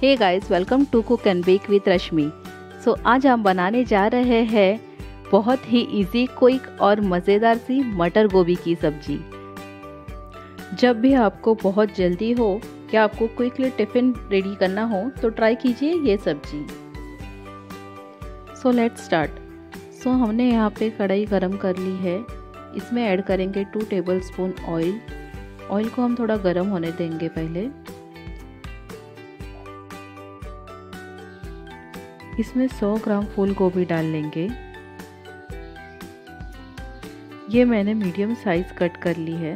hey guys welcome to cook and bake with Rashmi so आज हम बनाने जा रहे हैं बहुत ही इजी क्विक और मज़ेदार सी मटर गोभी की सब्जी जब भी आपको बहुत जल्दी हो या आपको क्विकली टिफ़िन रेडी करना हो तो ट्राई कीजिए ये सब्जी सो लेट स्टार्ट सो हमने यहाँ पे कढ़ाई गरम कर ली है इसमें ऐड करेंगे two tablespoon oil oil को हम थोड़ा गरम होने देंगे पहले इसमें 100 ग्राम फूल गोभी डाल लेंगे ये मैंने मीडियम साइज़ कट कर ली है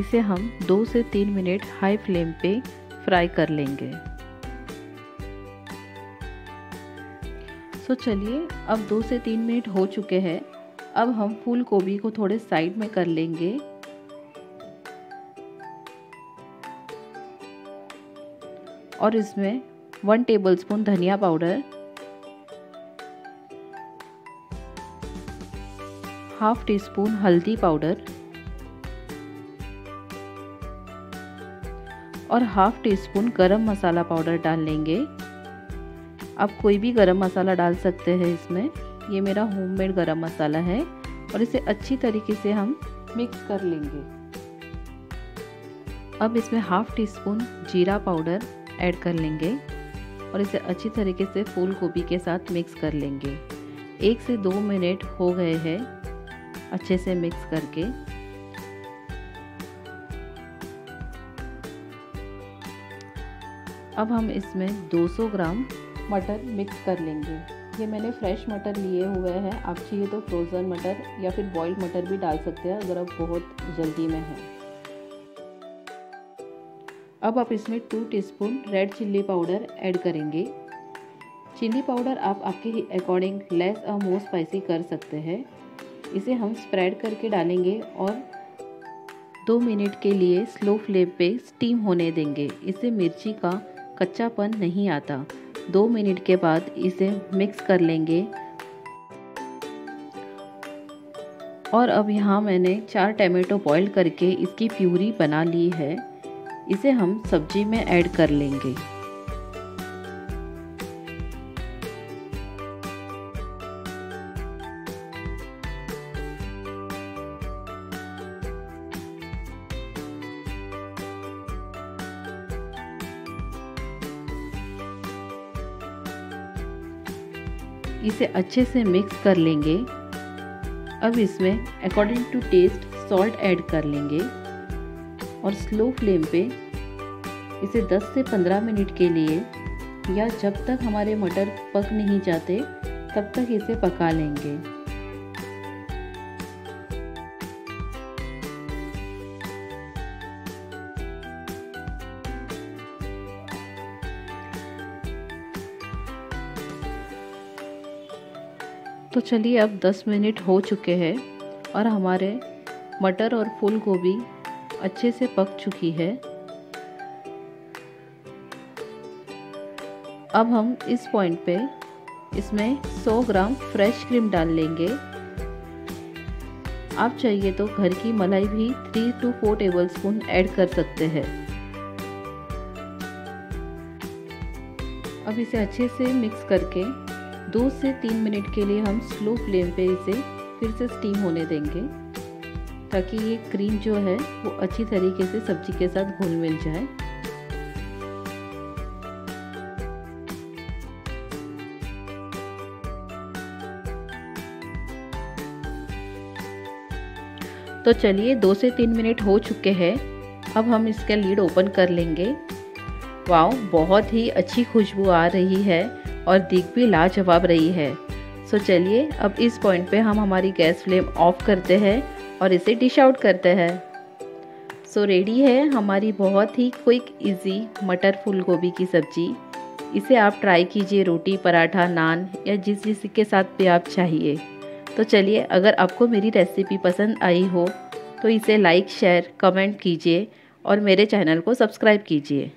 इसे हम दो से तीन मिनट हाई फ्लेम पे फ्राई कर लेंगे सो चलिए अब दो से तीन मिनट हो चुके हैं अब हम फूल गोभी को थोड़े साइड में कर लेंगे और इसमें वन टेबलस्पून धनिया पाउडर हाफ टी स्पून हल्दी पाउडर और half teaspoon garam masala powder डाल लेंगे आप कोई भी गरम मसाला डाल सकते हैं इसमें ये मेरा होममेड गरम मसाला है और इसे अच्छी तरीके से हम मिक्स कर लेंगे अब इसमें हाफ टी स्पून जीरा पाउडर ऐड कर लेंगे और इसे अच्छी तरीके से फूल गोभी के साथ मिक्स कर लेंगे एक से दो मिनट हो गए हैं अच्छे से मिक्स करके अब हम इसमें 200 ग्राम मटर मिक्स कर लेंगे ये मैंने फ्रेश मटर लिए हुए हैं आप चाहिए तो फ्रोज़न मटर या फिर बॉइल्ड मटर भी डाल सकते हैं अगर आप बहुत जल्दी में हैं अब आप इसमें two teaspoon red chilli powder add करेंगे चिल्ली पाउडर आप आपके अकॉर्डिंग लेस और मोर स्पाइसी कर सकते हैं इसे हम स्प्रेड करके डालेंगे और दो मिनट के लिए स्लो फ्लेम पे स्टीम होने देंगे इससे मिर्ची का कच्चापन नहीं आता दो मिनट के बाद इसे मिक्स कर लेंगे और अब यहाँ मैंने चार टमाटो बॉईल करके इसकी प्यूरी बना ली है इसे हम सब्जी में ऐड कर लेंगे इसे अच्छे से मिक्स कर लेंगे अब इसमें according to taste salt add कर लेंगे और स्लो फ्लेम पे इसे 10 से 15 मिनट के लिए या जब तक हमारे मटर पक नहीं जाते तब तक इसे पका लेंगे तो चलिए अब 10 मिनट हो चुके हैं और हमारे मटर और फूल गोभी अच्छे से पक चुकी है अब हम इस पॉइंट पे इसमें 100 ग्राम फ्रेश क्रीम डाल लेंगे आप चाहिए तो घर की मलाई भी three two four tablespoon add कर सकते हैं अब इसे अच्छे से मिक्स करके दो से तीन मिनट के लिए हम स्लो फ्लेम पे इसे फिर से स्टीम होने देंगे ताकि ये क्रीम जो है वो अच्छी तरीके से सब्जी के साथ घुल मिल जाए तो चलिए दो से तीन मिनट हो चुके हैं अब हम इसका लीड ओपन कर लेंगे वाओ बहुत ही अच्छी खुशबू आ रही है और दिख भी लाजवाब रही है सो चलिए अब इस पॉइंट पे हम हमारी गैस फ्लेम ऑफ करते हैं और इसे डिश आउट करते हैं सो रेडी है हमारी बहुत ही क्विक इजी मटर फूल गोभी की सब्जी इसे आप ट्राई कीजिए रोटी पराठा नान या जिस जिस के साथ भी आप चाहिए तो चलिए अगर आपको मेरी रेसिपी पसंद आई हो तो इसे लाइक शेयर कमेंट कीजिए और मेरे चैनल को सब्सक्राइब कीजिए